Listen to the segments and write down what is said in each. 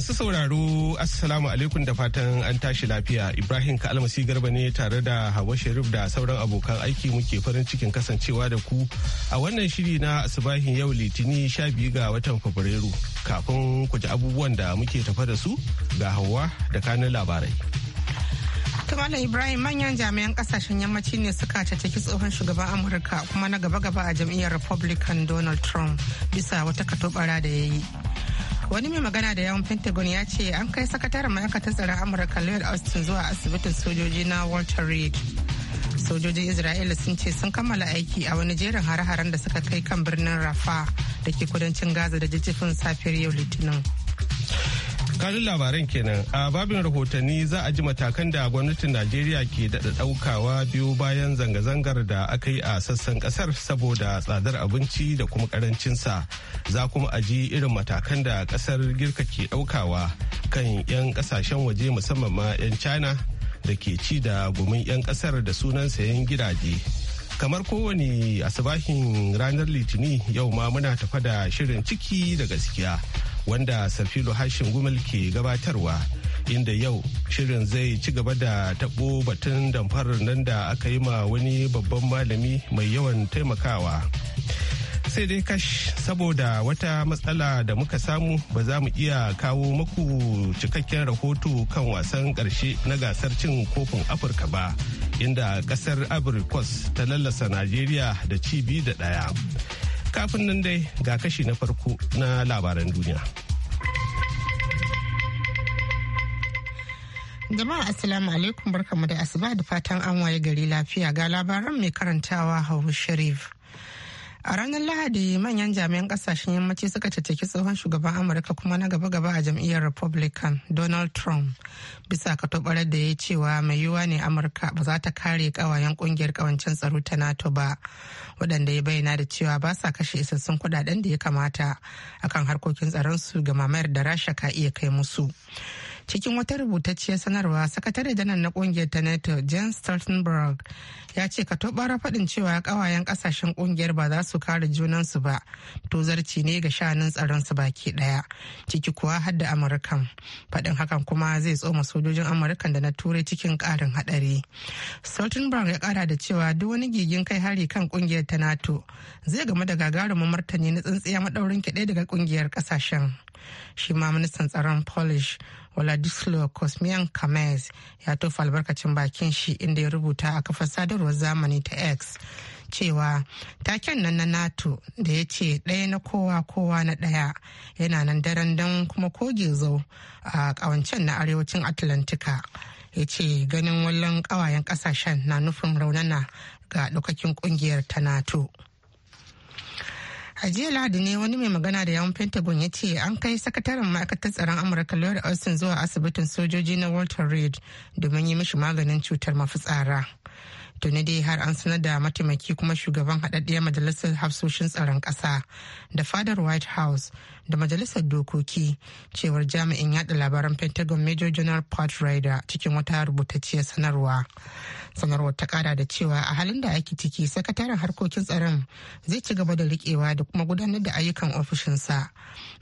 Masu sauraro Assalamu alaikum da fatan an tashi lafiya Ibrahim ka Kalmasi Garba ne tare da Hawa Sharif da sauran abokan aiki muke farin cikin kasancewa da ku a wannan shiri na asibahin yau litini sha biyu ga watan Fabrairu kafin ku ji abubuwan da muke tafa da su ga Hawa da kanin labarai. Tumala Ibrahim manyan jami'an kasashen yammaci ne suka cataki tsohon shugaban Amurka kuma na gaba-gaba a jam'iyyar Republican Donald Trump bisa wata katobara da ya yi. wani mai magana da yawon pentagon ya ce an kai sakataren ma'aikatar tsaron amurka lloyd austin zuwa asibitin sojoji na walter reed sojojin isra'ila sun ce sun kammala aiki a wani jerin hare-haren da suka kai kan birnin rafa da ke kudancin gaza da jijjifin safiyar yau litinin Karin labaran kenan a babin rahotanni za a ji matakan da gwamnatin Najeriya ke daɗa ɗaukawa biyu bayan zanga-zangar da aka yi a sassan ƙasar saboda tsadar abinci da kuma karancinsa Za kuma a ji irin matakan da ƙasar Girka ke ɗaukawa kan 'yan ƙasashen waje musamman ma 'yan China da ke ci da gumin 'yan ƙasar da sunan sayan gidaje. kamar kowane asibahin ranar litini yau ma muna tafa da shirin ciki da gaskiya wanda Sarfilo Hashin Gumal ke gabatarwa inda yau shirin zai ci gaba da tabo batun damfarar nan da aka yi ma wani babban malami mai yawan taimakawa. sai dai kash saboda wata matsala da muka samu ba za mu iya kawo maku cikakken rahoto kan wasan ƙarshe na gasar cin kofin afirka ba inda ƙasar ivory coast ta lallasa najeriya da cibi da ɗaya. Kafin nan dai ga kashi na farko na labaran duniya. Jama'a Assalamu alaikum barkamu da asuba da fatan an waye gari lafiya ga labaran mai karantawa Hawu Sharif. A ranar Lahadi manyan jami'an kasashen yammaci suka cacaki tsohon shugaban Amurka kuma na gaba-gaba a jam'iyyar Republican Donald Trump bisa katobarar da ya cewa mai yiwuwa ne Amurka ba za ta kare kawayen kungiyar kawancin tsaro ta NATO ba waɗanda ya bayyana da cewa ba sa kashe isassun kudaden da ya kamata akan harkokin tsaron su ga mamayar da Rasha ka iya kai musu. cikin wata rubutacciyar sanarwa sakatare janar na kungiyar ta nato jan stoltenberg ya ce ka tobara faɗin cewa ƙawayen ƙasashen kungiyar ba za su kare junansu ba to zarci ne ga shanun tsaron su baki ɗaya ciki kuwa har da amurkan faɗin hakan kuma zai tsoma sojojin amurkan da na turai cikin ƙarin haɗari stoltenberg ya ƙara da cewa duk wani gigin kai hari kan kungiyar ta nato zai game da gagarumin martani na tsintsiya madaurin kiɗe daga kungiyar ƙasashen shi ma ministan tsaron polish Oladislo Kosmian Kamez ya tofa albarkacin bakin shi inda ya rubuta a kafar sadarwar zamani ta X cewa taken nan na NATO da ya ce ɗaya na kowa kowa na ɗaya yana nan daren don kuma koge zau a ƙawancen na arewacin Atlantika. ya ce ganin wallon ƙawayen ƙasashen na nufin raunana ga ɗaukakin ƙungiyar ta NATO. a jiya lahadi ne wani mai magana da yawon pentagon ya ce an kai sakataren ma'aikatar tsaron amurka lord austin zuwa asibitin sojoji na walter reed domin yi mishi maganin cutar mafitsara tuni dai har an sanar da mataimaki kuma shugaban haɗaɗɗiyar majalisar hafsoshin tsaron ƙasa da fadar white house da majalisar dokoki cewar jami'in yada labaran pentagon major general pat ryder cikin wata rubutacciyar sanarwa sanarwar ta kara da cewa a halin da ake ciki sakataren harkokin tsaron zai ci gaba da rikewa da kuma gudanar da ayyukan ofishinsa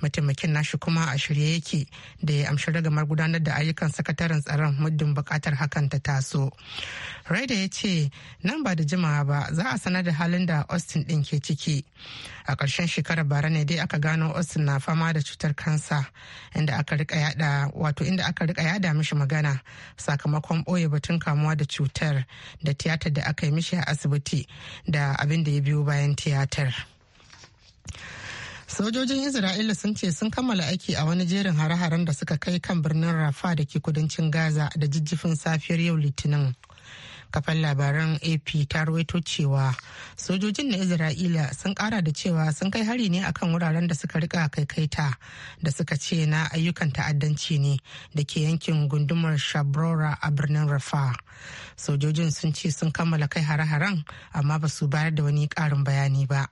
mataimakin nashi kuma a shirye yake da ya amshi ragamar gudanar da ayyukan sakataren tsaron muddin bukatar hakan ta taso raida ya ce nan ba da jimawa ba za a sanar da halin da austin din ke ciki a ƙarshen shekarar bara ne dai aka gano austin na fama da cutar kansa inda aka rika yada wato inda aka rika yada mishi magana sakamakon boye batun kamuwa da cutar da tiyatar da aka yi mishi a asibiti da abin da ya biyo bayan tiyatar. sojojin isra'ila sun ce sun kammala aiki a wani jerin hare-haren da suka kai kan birnin rafa da ke kudancin gaza da jijjifin safiyar yau litinin kafan labaran ap ta rawaito cewa sojojin na isra'ila sun kara da cewa sun kai hari ne akan wuraren da suka rika kaikaita da suka ce na ayyukan ta'addanci ne da ke yankin gundumar shabrora a birnin rafa sojojin sun ce sun kammala kai hare-haren amma ba su bayar da wani karin bayani ba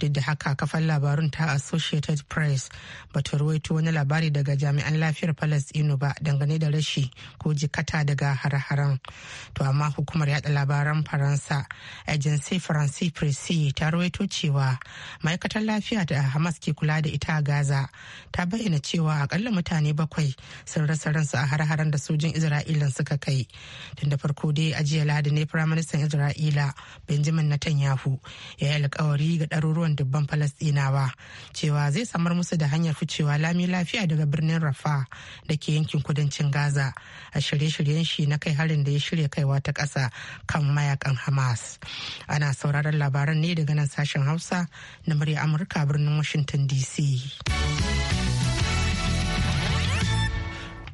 duk da haka kafan labarun ta associated press ba ta rawaito wani labari daga jami'an lafiyar palestino ba dangane da rashi ko jikata daga hare-haren to amma hukumar hukumar yada labaran faransa agency france presse ta rawaito cewa ma'aikatar lafiya da hamas ke kula da ita a gaza ta bayyana cewa akalla mutane bakwai sun rasa ransu a har-haren da sojin isra'ila suka kai tun da farko dai a jiya ladi ne firaministan isra'ila benjamin netanyahu ya yi alkawari ga ɗaruruwan dubban falastinawa cewa zai samar musu da hanyar ficewa lami lafiya daga birnin rafa da ke yankin kudancin gaza a shirye-shiryen shi na kai harin da ya shirya kaiwa ta ƙasa kan mayakan hamas ana sauraron labaran ne daga nan sashen hausa na murya amurka birnin washington dc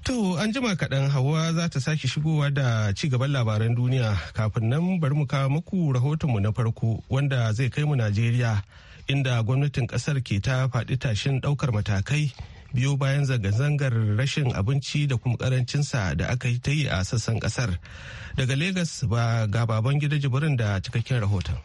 To an jima kaɗan hawa za ta sake shigowa da ci gaban labaran duniya kafin nan bari mu kawo muku rahotonmu na farko wanda zai kai mu Najeriya inda gwamnatin ƙasar ke ta faɗi tashin ɗaukar matakai biyo bayan zanga-zangar rashin abinci da kuma karancinsa da aka yi ta yi a sassan kasar daga Legas ba ga baban gida jibirin da cikakken rahoton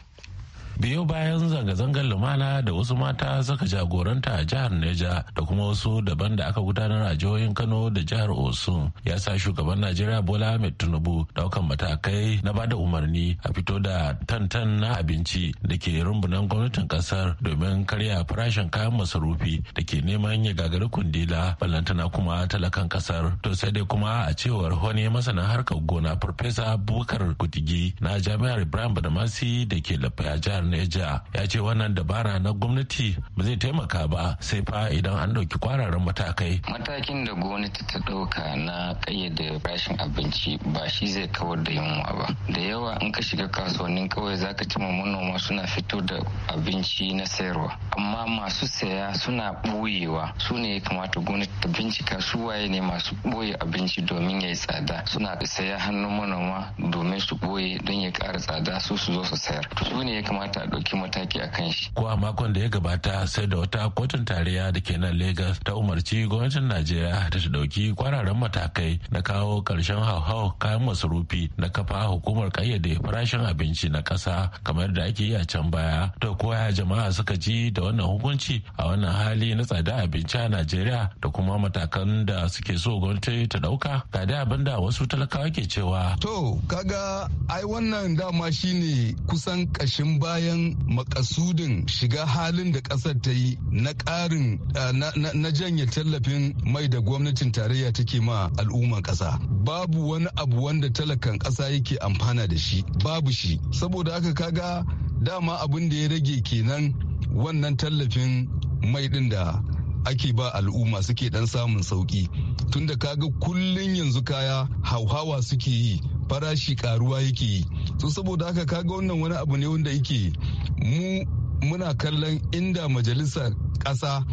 biyo bayan zanga-zangar lumana da wasu mata suka jagoranta a jihar neja da kuma wasu daban da aka gudanar a jihohin kano da jihar osun ya sa shugaban najeriya bola ahmed tinubu daukan matakai na bada umarni a fito da tantan na abinci da ke rumbunan gwamnatin kasar domin karya farashin kayan masarufi da ke neman ya gagari kundila ballantana kuma talakan kasar to sai dai kuma a cewar wani masanin harkar gona farfesa bukar kutigi na jami'ar ibrahim badamasi da ke lafiya jihar Neja ya ce wannan dabara na gwamnati ba zai taimaka ba sai fa idan an ɗauki kwararan matakai. Matakin da gwamnati ta ɗauka na ƙayyade rashin abinci ba shi zai kawar da yunwa ba. Da yawa in ka shiga kasuwannin kawai za ka cima manoma suna fito da abinci na sayarwa. Amma masu saya suna ɓoyewa su ne ya kamata gwamnati ta bincika su waye ne masu ɓoye abinci domin ya yi tsada suna saya hannun manoma domin su ɓoye don ya ƙara tsada su su zo su sayar. Su ne ya kamata kamata ɗauki mataki a kan shi. Ko a makon da ya gabata sai da wata kotun tarayya da ke nan Legas ta umarci gwamnatin Najeriya da ta ɗauki kwararren matakai na kawo ƙarshen hauhau kayan masarufi na kafa hukumar ƙayyade farashin abinci na ƙasa kamar da ake yi a can baya. To ya jama'a suka ji da wannan hukunci a wannan hali na tsada abinci a Najeriya da kuma matakan da suke so gwamnati ta ɗauka ga da abin da wasu talakawa ke cewa. To kaga ai wannan dama shine kusan ƙashin baya bayan makasudin shiga halin da ƙasar ta yi na ƙarin eh, na janye tallafin mai da gwamnatin tarayya take ma al'umman ƙasa babu wani abu wanda talakan ƙasa yake amfana da shi babu shi saboda haka kaga dama abin da ya rage kenan wannan tallafin mai ɗin da ake ba al'umma suke dan samun sauki tunda kaga kullun yanzu kaya hauhawa suke yi farashi karuwa yake yi to saboda haka kaga wannan wani abu ne wanda yake mu muna kallon inda majalisar ƙasa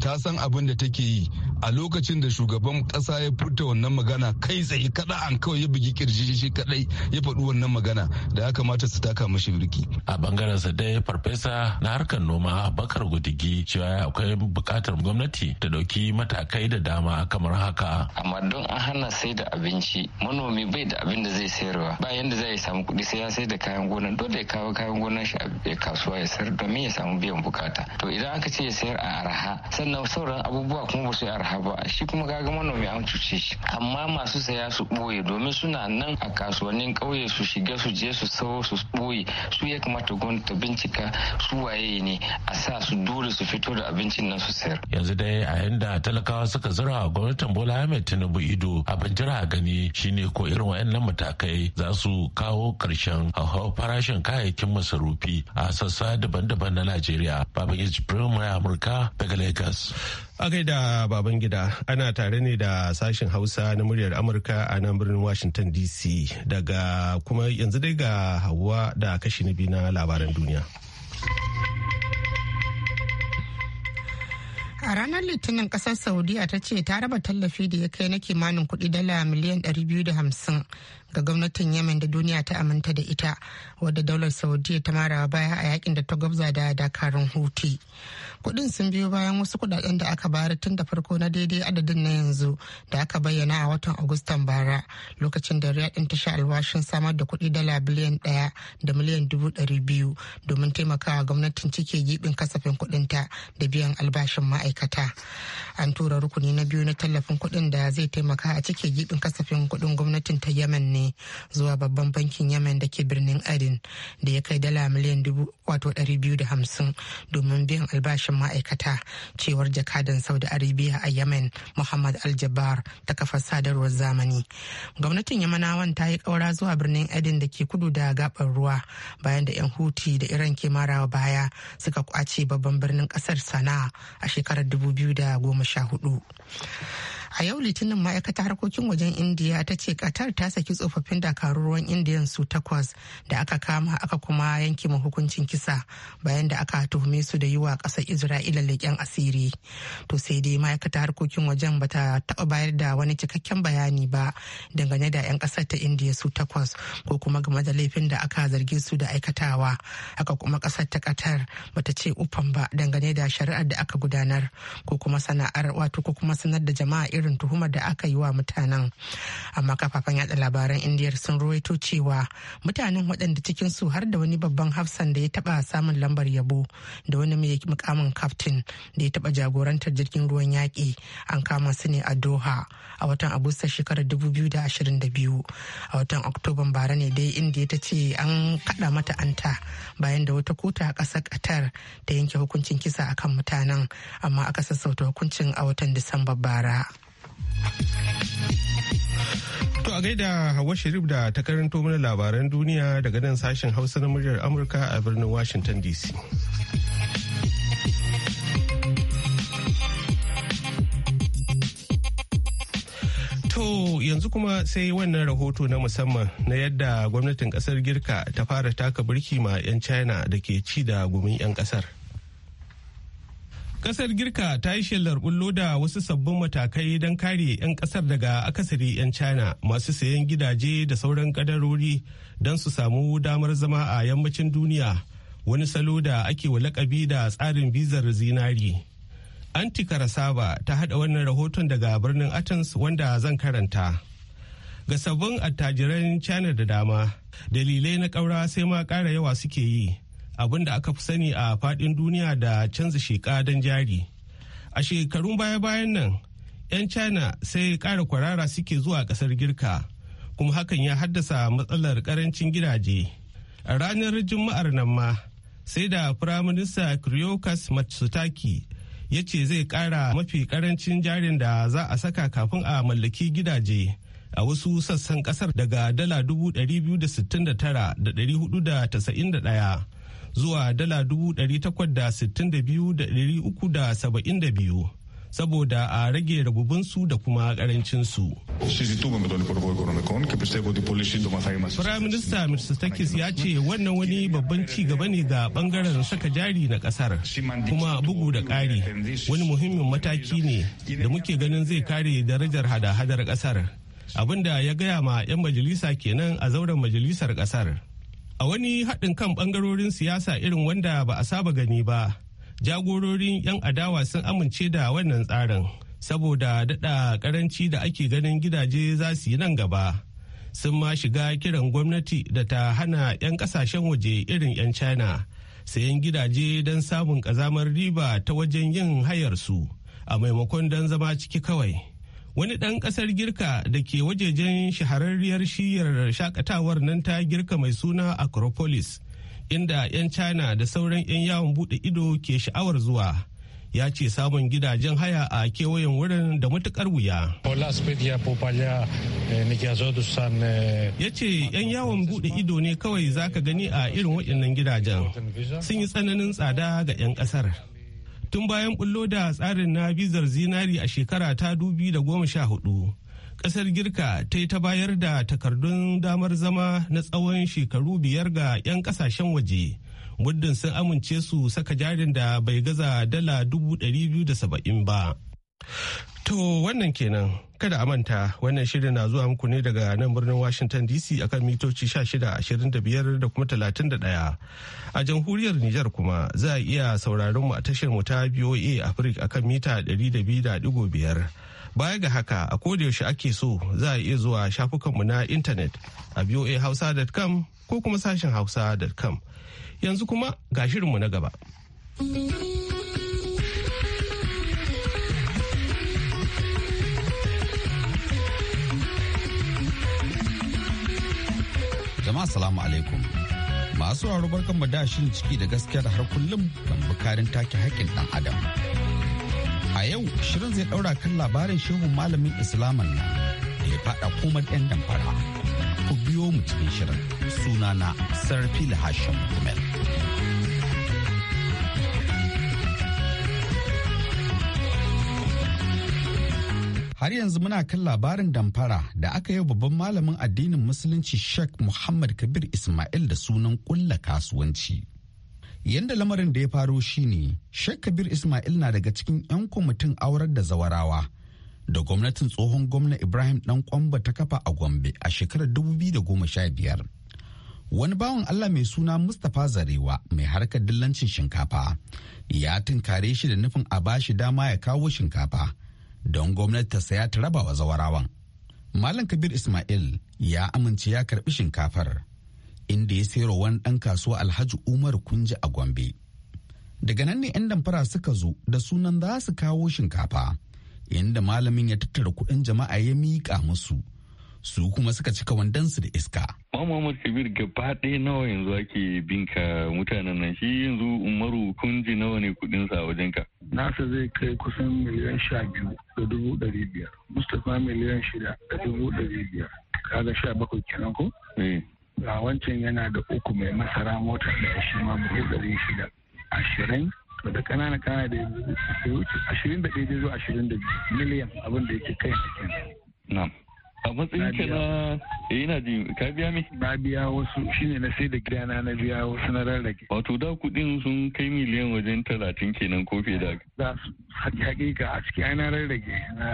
ta san abin da take yi a lokacin da shugaban kasa ya furta wannan magana kai tsaye kada an kawai ya bugi kirji shi kadai ya faɗi wannan magana da ya kamata su taka mashi birki a bangaren sa dai farfesa na harkar noma bakar gudigi cewa akwai bukatar gwamnati ta dauki matakai da dama kamar haka amma don an hana sai da abinci manomi bai da abin da zai sayarwa ba yanda zai samu kuɗi sai ya sai da kayan gona dole ya kawo kayan gonan shi a kasuwa ya sayar domin ya samu biyan bukata to idan aka ce ya sayar a araha sannan sauran abubuwa kuma ba su yi araha ba shi kuma kaga manomi an cuce shi amma masu saya su ɓoye domin suna nan a kasuwannin ƙauye su shiga su je su sawo su ɓoye su ya kamata gwamnati ta bincika su waye ne a sa su dole su fito da abincin nan su sayar. yanzu dai a yanda talakawa suka zura gwamnatin bola ahmed tinubu ido abin jira gani shine ko irin wa'annan matakai za su kawo ƙarshen hauhawar farashin kayayyakin masarufi a sassa daban-daban na najeriya babangiji firimar amurka daga lagos. a gaida gida ana tare ne da sashen Hausa na muryar Amurka a nan birnin Washington DC daga kuma yanzu dai ga hawa da kashi na biyu na labaran duniya. A ranar Litinin kasar Saudiya ta ce ta raba tallafi da ya kai na kimanin kudi dala miliyan 250 ga gwamnatin yamen da duniya ta aminta da ita wadda daular saudiya ta mara baya a yakin da ta gwabza da dakarun huti kudin sun biyo bayan wasu kudaden da aka bayar tun da farko na daidai adadin na yanzu da aka bayyana a watan agustan bara lokacin da riyadin ta sha alwashin samar da kudi dala biliyan daya da miliyan dubu dari biyu domin taimakawa gwamnatin cike gibin kasafin ta da biyan albashin ma'aikata an tura rukuni na biyu na tallafin kudin da zai taimaka a cike gibin kasafin kudin gwamnatin ta yemen ne zuwa babban bankin yemen da ke birnin adin da ya kai dala miliyan hamsin domin biyan albashin ma'aikata cewar jakadan saudi arabia a yemen muhammad aljabar ta kafar sadarwar zamani gwamnatin yamanawan ta yi kaura zuwa birnin adin da ke kudu da gabar ruwa bayan da 'yan huti da iran ke marawa baya suka kwace babban birnin kasar sana'a a shekarar dubu da goma sha hudu. a yau litinin ma'aikatar harkokin wajen indiya ta ce katar ta saki tsofaffin dakarun ruwan indiyan su takwas da aka kama aka kuma yanke ma hukuncin kisa bayan da aka tuhume su da yi wa ƙasar isra'ila leƙen asiri to sai dai ma'aikatar harkokin wajen ba ta taɓa bayar da wani cikakken bayani ba dangane da 'yan ƙasar ta indiya su takwas ko kuma game da laifin da aka zarge su da aikatawa haka kuma ƙasar ta ba ta ce ufan ba dangane da shari'ar da aka gudanar ko kuma sana'ar wato ko kuma sanar da jama'a irin tuhumar da aka yi wa mutanen amma kafafen yada labaran indiyar sun ruwaito cewa mutanen waɗanda cikin su har da wani babban hafsan da ya taɓa samun lambar yabo da wani mai mukamin kaftin da ya taɓa jagorantar jirgin ruwan yaƙi an kama su ne a doha a watan agusta shekarar 2022 a watan oktoban bara ne dai indiya ta ce an kaɗa mata anta bayan da wata kota a ƙasar qatar ta yanke hukuncin kisa akan mutanen amma aka sassauta hukuncin a watan disamba bara. To a gaida Hawa Sharif da ta karanto mana labaran duniya daga nan sashen Hausa na muryar Amurka a birnin Washington DC. To yanzu kuma sai wannan rahoto na musamman na yadda gwamnatin kasar Girka ta fara taka birki ma 'yan China da ke ci da gumin 'yan kasar. Kasar Girka ta yi shelar bullo da wasu sabbin matakai don kare 'yan kasar daga akasari 'yan China masu sayan gidaje da sauran kadarori don su samu damar zama a yammacin duniya wani salo da ake wa lakabi da tsarin bizar zinari. anti Rasaba ta haɗa wannan rahoton daga birnin Athens wanda zan karanta. Ga sabbin attajiran China da dama, dalilai na ƙaura sai ma ƙara yawa suke yi. abin da aka fi sani a faɗin duniya da canza sheƙa don jari a shekarun baya-bayan nan 'yan china sai ƙara kwarara suke zuwa ƙasar girka kuma hakan ya haddasa matsalar ƙarancin gidaje a ranar juma'ar nan ma sai da firaminista kriokas matsutaki ya ce zai ƙara mafi ƙarancin jarin da za a saka kafin a mallaki gidaje a wasu sassan ƙasar daga dala 269,491 zuwa dala biyu. saboda a rage rabubinsu da kuma karancinsu. firaminista mr Mitsotakis ya ce wannan wani babban ci gaba ne ga bangaren saka jari na kasar kuma bugu da ƙari wani muhimmin mataki ne da muke ganin zai kare darajar hada-hadar kasar abinda ya gaya ma 'yan majalisa kenan a zauren majalisar kasar. a wani haɗin kan ɓangarorin siyasa irin wanda ba a saba gani ba jagororin 'yan adawa sun amince da wannan tsarin saboda daɗa ƙaranci da ake ganin gidaje za su yi nan gaba sun ma shiga kiran gwamnati da ta hana 'yan ƙasashen waje irin 'yan china sayan gidaje don samun ƙazamar riba ta wajen yin hayarsu, a maimakon don zama ciki kawai. wani ɗan ƙasar girka da ke wajejen shahararriyar shiyar shakatawar nan ta girka mai suna acropolis inda 'yan china da sauran 'yan yawon buɗe ido ke sha'awar zuwa ya ce samun gidajen haya a kewayen wurin da matukar wuya eh, eh, ya ce 'yan yawon buɗe ido ne kawai zaka gani a irin waɗannan gidajen sun yi tsananin tsada ga 'yan ƙasar tun bayan bullo da tsarin na bizar zinari a shekara ta dubi da goma sha hudu, kasar girka ta yi ta bayar da takardun damar zama na tsawon shekaru biyar ga 'yan kasashen waje muddin sun amince su saka jarin da bai gaza dala dubu ɗari biyu da saba'in ba To wannan kenan kada a manta wannan shirin na zuwa muku ne daga nan birnin Washington DC akan mitoci 1625 da kuma 31. A jamhuriyar Nijar kuma za a iya sauraron mu a tashar mu ta BOA Africa akan mita 200.5. Baya ga haka a yaushe ake so za a iya zuwa shafukanmu na intanet a boahausa.com ko kuma sashen hausa.com. Yanzu kuma ga shirinmu na gaba. jama'a salamu alaikum masu raro barkan mu da shirin ciki da gaskiya da har kullum kan bukarin take haƙƙin dan adam a yau shirin zai daura kan labarin shehun malamin islaman nan da ya faɗa komar 'yan damfara ku biyo mu cikin shirin sunana sarfi hashim kumel har yanzu muna kan labarin damfara da aka yi babban malamin addinin musulunci sheikh muhammad kabir ismail da sunan kulla kasuwanci yadda lamarin da ya faro shine sheikh kabir ismail na daga cikin 'yan kwamitin aurar da zawarawa da gwamnatin tsohon gwamna ibrahim dan kwamba ta kafa a gombe a shekarar biyar. wani bawan allah mai suna mustapha zarewa mai harkar dillancin shinkafa ya tunkare shi da nufin a bashi dama ya kawo shinkafa don gwamnati ta saya ta raba wa zawarawan. Malam Kabir Ismail ya amince ya karbi shinkafar inda ya sayar wani ɗan kasuwa Alhaji Umar Kunji a Gombe. Daga nan ne 'yan damfara suka zo da sunan za su kawo shinkafa inda malamin ya tattara kuɗin jama'a ya miƙa musu su kuma suka cika wandonsu da iska. Muhammad Kabir gaba ɗaya nawa yanzu ake binka mutanen nan shi yanzu Umaru kunji nawa ne kuɗinsa wajen ka. Nasa zai kai kusan miliyan sha biyu da dubu ɗari biyar. Mustapha miliyan shida da dubu ɗari biyar. Kaga sha bakwai kenan ko? Eh. wancan yana da uku mai masara mota da shi ma dubu ɗari shida. Ashirin to da ƙanana kanana da yanzu ashirin da ɗaya zuwa ashirin da biyu miliyan abin da yake kai kenan. a matsayin ka na eh, ina ji ka biya me ba biya wasu shine na sai da gidana na biya wasu na rarrake wato da kudin sun kai miliyan wajen talatin kenan ko fiye da za su hakika a ciki ana rarrake na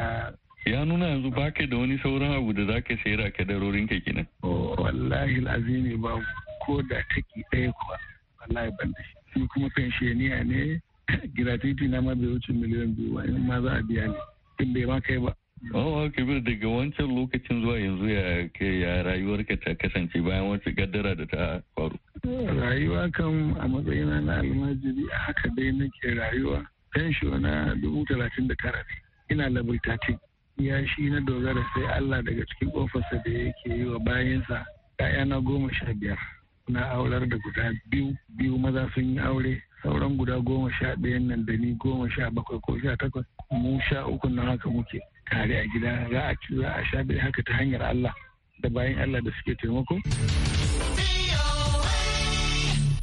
ya nuna yanzu ba ka da wani sauran abu da zaka sayar a kadarorin ka kenan wallahi alazimi ba ko da take ɗaya kuwa wallahi ban da shi kuma pensioniya ne titi na ma bai wuce miliyan biyu ba in ma za a biya ne tun bai ma kai ba Oh, Kabir daga wancan lokacin zuwa yanzu ya ke ya rayuwarka ta kasance bayan wata gaddara da ta faru. Rayuwa kan a matsayina na almajiri a haka dai nake rayuwa. Fensho na dubu talatin da tara ne. Ina level thirteen. Ya shi na dogara sai Allah daga cikin kofarsa da yake yi wa bayansa. ‘Ya'yana goma sha biyar. Na aular da guda biyu, biyu maza sun yi aure, sauran guda goma sha ɗayan nan da ni goma sha bakwai ko sha takwas. Mu sha uku na haka muke. tare a gida za a ci za a sha bai haka ta hanyar Allah da bayan Allah da suke taimako.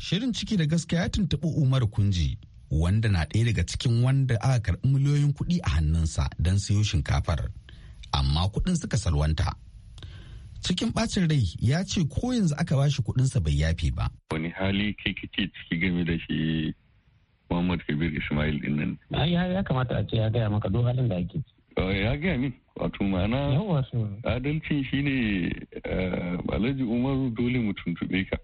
Shirin ciki da gaskiya ya tuntuɓi Umar Kunji wanda na ɗaya daga cikin wanda aka karɓi miliyoyin kuɗi a hannunsa don siyo shinkafar amma kuɗin suka salwanta. cikin ɓacin rai ya ce ko yanzu aka ba shi sa bai yafe ba. Wani hali kai kake ciki game da shi Muhammad Kabir Ismail din nan. Ya kamata a ce ya gaya maka duk halin da ake ciki. Eh, ya gaya min wato ma'ana adalcin shine eh, alhaji umaru dole mu tuntube ka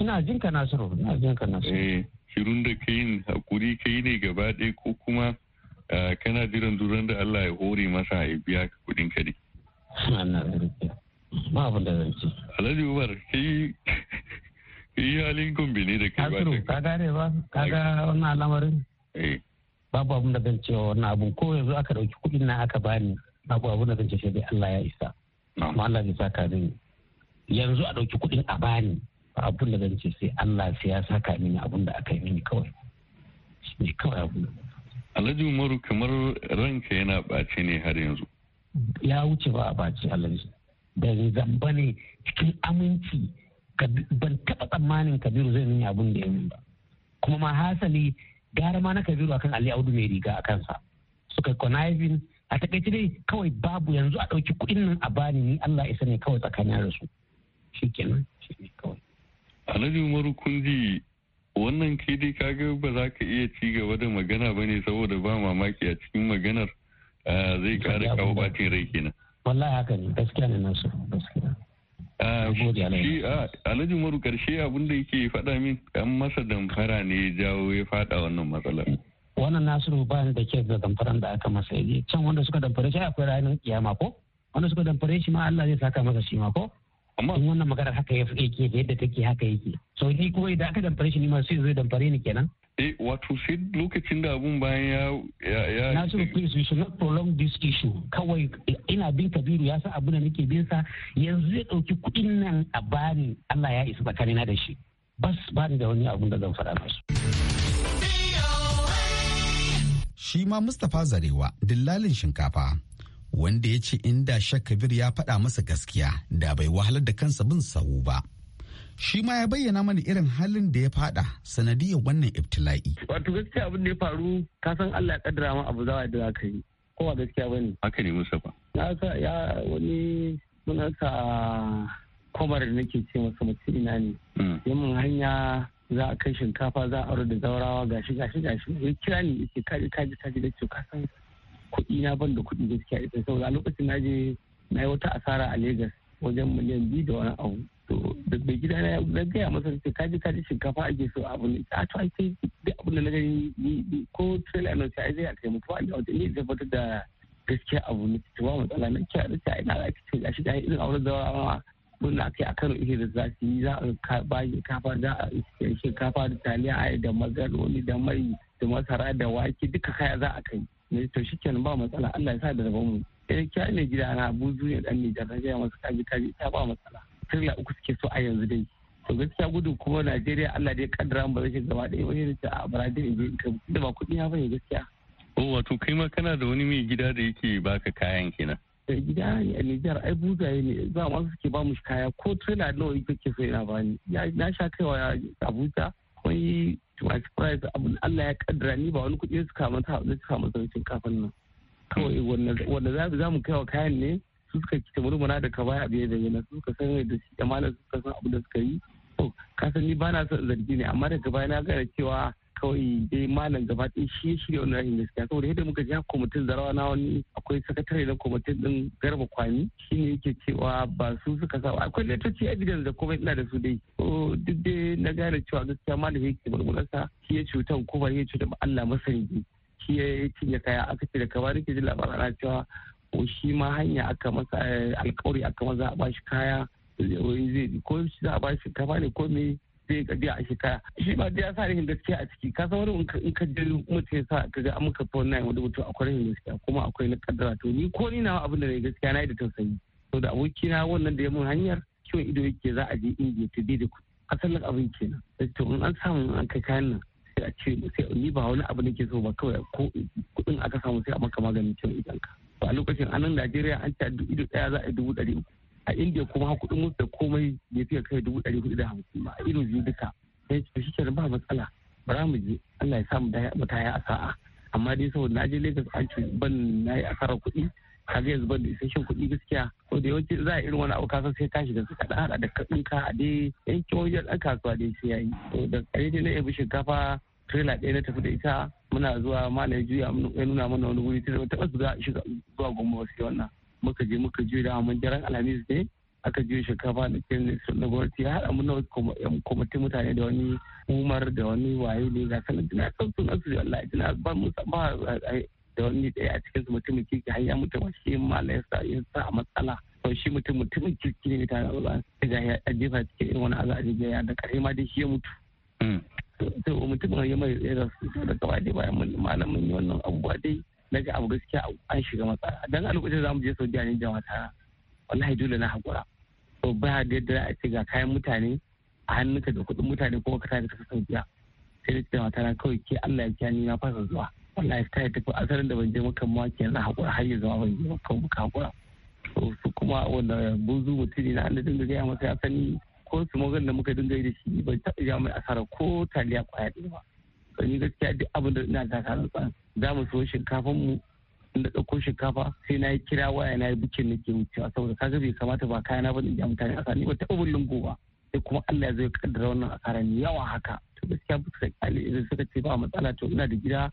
ina jin ka nasiru ina jin ka nasiru eh shirun da ka yin hakuri ka yi ne gaba ɗaya ko kuma eh, kana jiran duran da Allah ya hore masa ya biya ka kudin ka ba abin da alhaji umar kai kai halin gombe ne da kai ba ka ne ba kaga wannan al'amarin eh babu abin da zan cewa wannan abun ko yanzu aka dauki kuɗin na aka bani babu abin da zan ce sai dai Allah ya isa amma Allah zai saka mini yanzu a ɗauki kuɗin a bani Ba abin da zan ce sai Allah sai ya saka mini abin da aka yi mini kawai shi kawai abu Alhaji Umaru kamar ranka yana ɓace ne har yanzu. Ya wuce ba a ɓace Alhaji. Da zamba ne cikin aminci ban taɓa tsammanin Kabiru zai nuna abin da ya yi ba. Kuma ma hasali gara ma na kabiru akan ali audu mai riga a kansa suka conniving a takaice dai kawai babu yanzu a ɗauki kuɗin nan a bani ni allah isa ne kawai tsakanin da su shi ne kawai alhaji umaru wannan kai dai kaga ba za ka iya ci gaba da magana ba ne saboda ba mamaki a cikin maganar ah, zai kara kawo bacin rai kenan wallahi haka ne gaskiya ne nasu gaskiya Ah, ah, Alhaji Umaru karshe abin da yake faɗa min an masa damfara ne jawo ya faɗa wannan matsalar. Wannan Nasiru ba da ke da damfaran da aka masa yaje can wanda suka damfare shi akwai ranar kiyama ko wanda suka damfare shi ma Allah zai saka masa shi ma ko. Amma wannan magana haka ya yake da yadda take haka yake. So ni kuma idan aka damfare shi ni ma sai zai damfare ni kenan. e eh, wato sai lokacin da abun bayan ya... ya, na ce please we should not prolong this issue. Kawai eh, ina bin Kabiru ya san abu da nake bin sa yanzu ya ɗauki kuɗin nan a bani Allah ya isa tsakanina da shi. Bas bani da wani abun da zan faɗa masu. Shi ma Mustapha Zarewa, dillalin shinkafa, wanda ya ce inda Shak ya faɗa masa gaskiya da bai wahalar da kansa bin sawu ba. shi ma ya bayyana mana irin halin da ya fada sanadiyar wannan ibtila'i. Wato gaskiya abin da ya faru ka san Allah ya kaddara ma abu zawa da zaka yi kowa gaskiya bane. Haka ne musa ba. Na sa ya wani muna sa kwamar da nake ce masa mace ina ne. Hmm. Yamin hanya za a kai shinkafa za a aro da zaurawa gashi gashi gashi ya kira ni yace kaji kaji kaji da ce ka san kuɗi na ban da kuɗi gaskiya ita saboda a lokacin na je na yi wata asara a Legas wajen miliyan biyu da wani abu. to da bai gida na ya gaya masa ce kaji kaji shinkafa ake so ne a to ai sai duk abin da na gani ko trailer na sai zai kai mutuwa a wajen ne tabbatar da gaskiya abu ne ta ba matsala na kiyar da sai na ake ce gashi yi irin auren zama ma mun na kai kano ihe da za su yi za a ba kafa za a iske shinkafa da taliya a yi da magaroni da mai da masara da wake duka kaya za a kai ne to shikenan ba matsala Allah ya sa da rabon mu eh kiya ne gida na buzu ne ɗan ne da gaya masa kaji kaji ta ba matsala kalla uku suke so a yanzu dai to gaskiya gudu kuma najeriya allah dai kaddara ba zai shiga gaba ɗaya wani da a brazil da ba kuɗi ya bane gaskiya oh wato kai ma kana da wani mai gida da yake baka kayan kenan da gida ne a Nijar ai buzaye ne za ma suke ba mu kaya ko trailer nawa yake ke so yana bani na sha kaiwa Abuja wani Tumaci Price abin Allah ya kaddara ni ba wani kuɗi suka mata su suka mata kafin nan kawai wanda za mu kaiwa kayan ne suka kike murmuna da ka baya biye da yana suka san da shi da malam suka san abu da suka yi to ka san ni ba na son zargi ne amma daga baya na gane cewa kawai dai malam gaba ɗaya shi ya shirya wannan rashin gaskiya saboda yadda muka ja kwamitin zarawa na wani akwai sakatare na kwamitin din garba kwami shi ne yake cewa ba su suka sa akwai letoci evidence da komai ina da su dai to duk dai na gane cewa gaskiya malam yake murmurarsa shi ya cutan ko ba ya cuta ba Allah masani shi ya cinye kaya aka ce da kamar nake ji labarin cewa ko shi ma hanya aka masa eh, alkawari aka maza a bashi kaya zai ko shi za a bashi kafa ne ko me zai ga biya a shekara shi ma ya sa rahin gaskiya a ciki ka san wani in ka je mutum ya sa ka ga an ka fa wannan wanda mutum akwai rahin gaskiya kuma akwai na kaddara to ni ko ni na abin da gaskiya na yi da tausayi to da abokina wannan da ya mun hanyar kiwon ido yake za a je indiya ta bi da asalin abin kenan eh, to in an samu an kai kayan nan sai a ce ni ba wani abu ke so ba kawai ko kudin aka samu sai a maka maganin kiwon idan ka to a lokacin anan najeriya an ta ido daya za a dubu ɗari uku a indiya kuma ha kuɗin musu da komai ya fiye kai dubu ɗari hudu da hamsin ba a ido biyu duka sai ce shi ba matsala bara mu je allah ya samu mu taya a sa'a amma dai saboda na je lagos an ce ban na yi asarar kuɗi kaga yanzu ban da isasshen kuɗi gaskiya ko da yawanci za a irin wani abu kasan sai tashi da su da hada da kaɗin ka a dai yankin wajen ɗan kasuwa dai sai yayi to da ƙarfi na na yabi shinkafa trailer ɗaya na tafi da ita muna zuwa mana juya ya nuna mana wani wuri trailer taɓa su ga zuwa gombe wasu wannan muka je muka juya da mun jiran alhamis ne aka juya shinkafa da kyan na gwamnati ya haɗa mun kwamitin mutane da wani umar da wani waye ne ga sanar dina sautu na su wallahi dina ba mu ba da wani ɗaya a cikin su mutumin kirki har ya mutu shi malam yin sa a matsala to shi mutum mutumin kirki ne ta ga a jefa cikin irin wani azabi ya da ƙarfi ma dai shi ya mutu mm. sai wa mutumin ya mai ya su to da kawai dai bayan mun malamin wannan abubuwa dai ga abu gaskiya an shiga matsala dan a lokacin zamu je Saudiya ne jama'a wallahi dole na hakura to ba da yadda a ce ga kayan mutane a hannunka da kuɗin mutane kuma ka tafi ka Saudiya sai da ce mata na kawai ke Allah ya kiya ni na fasa zuwa wallahi ta tafi asarin da ban je maka ma ke na hakura har ya zama ban je maka ka hakura to su kuma wanda buzu mutum ne na Allah dinga ga masa ya sani ko smogon da muka dinga yi da shi bai taɓa ja mai asara ko taliya kwaya ɗaya ba Sani gaskiya duk abin da ina ta kalukan za mu so shinkafan mu da ɗauko shinkafa sai na yi kira waya na yi bukin nake wucewa saboda kaga bai kamata ba kayana ba in ja mutane asara ni ba taɓa bullin ba. sai kuma Allah ya zai kaddara wannan asara ni yawa haka to gaskiya ba ka kyale idan suka ce ba matsala to ina da gida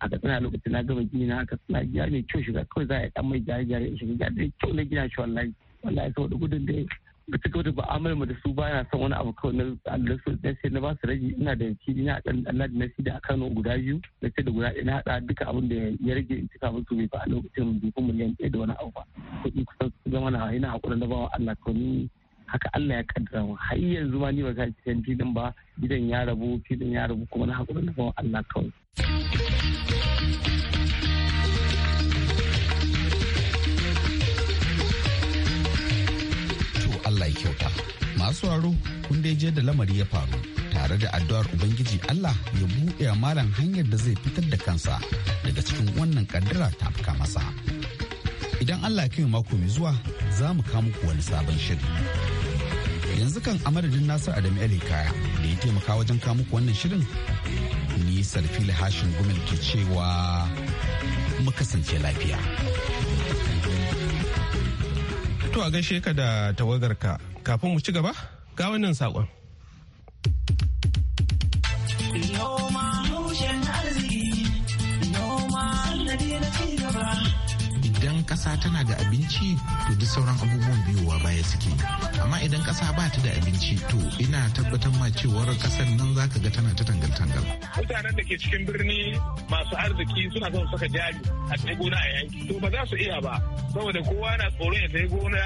a katsina lokacin na gama gini na haka suna gida mai kyau shiga kawai za a yi dan mai gyare gyare shiga gida da kyau na gina shi wallahi wallahi saboda gudun da ya ba ta gaba da mu da su baya son wani abu kawai na Allah da sai na ba su rage ina da yanki ina dan Allah da nasi da Kano guda biyu da sai da guda ɗaya na haɗa duka abin da ya rage in cika musu bai ba a lokacin bai kuma miliyan ɗaya da wani abu ba kuɗi kusan su zama na ina haƙurin na bawa Allah to ni haka Allah ya kaddara mu har yanzu ma ni ba ka cikin filin ba gidan ya rabu filin ya rabu kuma na haƙurin na bawa Allah kawai. Allah ya kyauta masu raro kun dai je da lamari ya faru tare da addu'ar ubangiji Allah ya buɗe malam hanyar da zai fitar da kansa daga cikin wannan kaddara ta afka masa idan Allah ya mako mai zuwa za mu kawo muku wani sabon shiri yanzu kan a madadin Nasir Adamu Ali Kaya da ya taimaka wajen kawo muku wannan shirin ni Sarfili Hashin Gumel ke cewa mu kasance lafiya. To a gaishe ka da tawagar ka kafin mu ci gaba ga wannan saƙon. kasa tana da abinci to duk sauran abubuwan biyowa baya suke amma idan kasa ba ta da abinci to ina tabbatar ma cewar kasar nan za ka ga tana ta tangal tangal mutanen da ke cikin birni masu arziki suna son saka jari a tsaye gona a yanki to ba za su iya ba saboda kowa na tsoron ya tsaye gona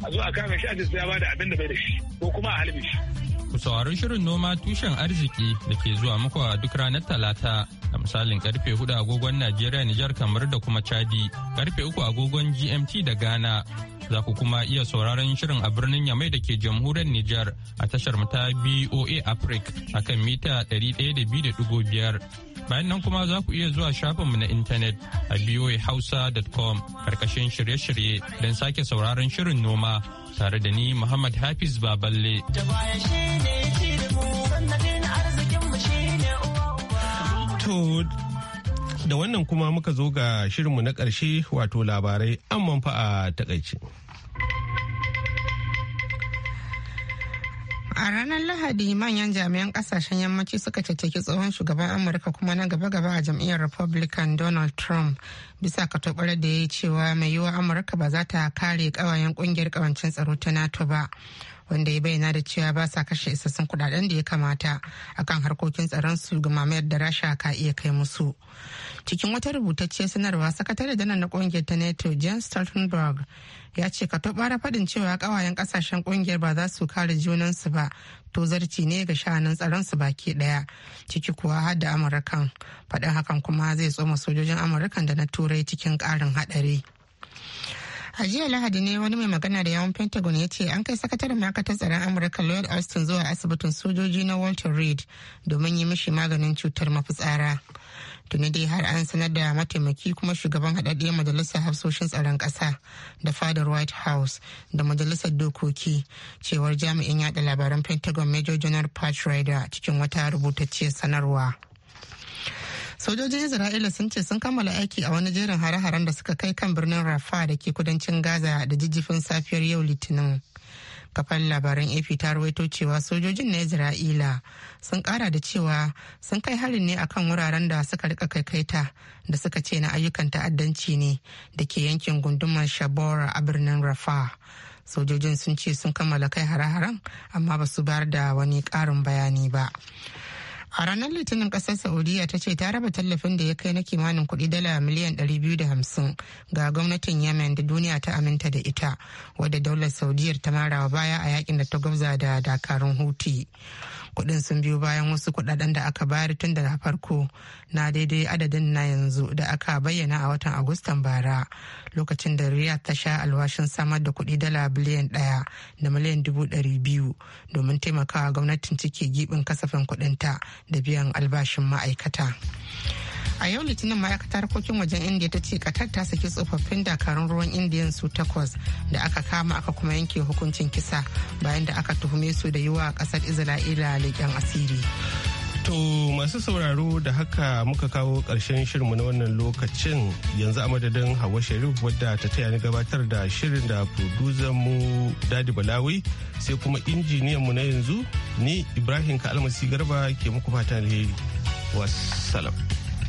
a zo a kama shi a ya ba da abin da bai da shi ko kuma a halbe shi ku saurari shirin noma tushen arziki da ke zuwa muku a duk ranar talata da misalin karfe hudu agogon najeriya nijar kamar da kuma chadi karfe uku agogon gmt da ghana za ku kuma iya sauraron shirin a birnin yamai da ke jamhuriyar nijar a tashar ta boa africa akan mita 102.5 Bayan kuma za ku iya zuwa shafinmu na intanet a voahausa.com karkashin shirye-shirye don sake sauraron shirin noma tare da ni Muhammad Hafiz Baballe. da wannan kuma muka zo ga shirinmu na ƙarshe wato labarai amman fa a takaice. A ranar Lahadi manyan jami'an kasashen yammaci suka caccaki tsohon shugaban Amurka kuma na gaba-gaba a jam'iyyar Republican Donald Trump bisa katobar da ya yi cewa mai yiwuwa Amurka ba za ta kare kawayen kungiyar kawancin tsaro ta NATO ba. wanda ya bayyana da cewa ba sa kashe isassun kudaden da ya kamata akan harkokin tsaron su ga mamayar da rasha ka iya kai musu cikin wata rubutacciyar sanarwa sakatare janar na kungiyar ta nato james stoltenberg ya ce ka bara faɗin cewa ƙawayen ƙasashen ƙungiyar ba za su kare junansu ba to zarci ne ga shanun tsaron su baki ɗaya ciki kuwa har da amurkan faɗin hakan kuma zai tsoma sojojin amurkan da na turai cikin karin haɗari. a jiya lahadi ne wani mai magana da yawan pentagon ya ce an kai sakataren ma'aikatar tsaron amurka lloyd austin zuwa asibitin sojoji na walter reed domin yi mishi maganin cutar mafitsara tuni dai har an sanar da mataimaki kuma shugaban haɗaɗɗiyar majalisar hafsoshin tsaron ƙasa da fadar white house da majalisar dokoki cewar jami'in yada labaran pentagon major general Ryder cikin wata rubutacciyar sanarwa. sojojin isra'ila sun ce sun kammala aiki a wani jerin hare-haren da suka kai kan birnin rafa da ke kudancin gaza da jijjifin safiyar yau litinin kafar labaran ap ta ruwaito cewa sojojin na isra'ila sun kara da cewa sun kai harin ne akan wuraren da suka rika kaikaita da suka ce na ayyukan ta'addanci ne da ke yankin gundumar shabora a birnin rafa sojojin sun ce sun kammala kai hare-haren amma ba su bayar da wani karin bayani ba A ranar Litinin kasar Saudiya ta ce ta raba tallafin da ya kai na kimanin kuɗi dala miliyan 250 ga gwamnatin Yemen da duniya ta aminta da ita, wadda daular Saudiyar ta marawa baya a yakin da ta gwamza da dakarun Houthi. kuɗin sun biyo bayan wasu kuɗaɗen da aka bayar tun da farko na daidai adadin na yanzu da aka bayyana a watan agustan bara lokacin da riyadh ta sha alwashin samar da kuɗi dala biliyan ɗaya da miliyan dubu ɗari biyu domin taimakawa gwamnatin cike gibin kasafin kuɗinta da biyan albashin ma'aikata a yau litinin ma'aikatar harkokin wajen indiya ta ce katar ta saki tsofaffin dakarun ruwan indiyan su takwas da aka kama aka kuma yanke hukuncin kisa bayan da aka tuhume su da yi wa kasar isra'ila leƙen asiri To masu sauraro da haka muka kawo ƙarshen shirinmu na wannan lokacin yanzu a madadin Hawa Sharif wadda ta taya ni gabatar da shirin da mu Dadi Balawi sai kuma mu na yanzu ni Ibrahim kalmasi Garba ke muku fatan alheri. Wassalam.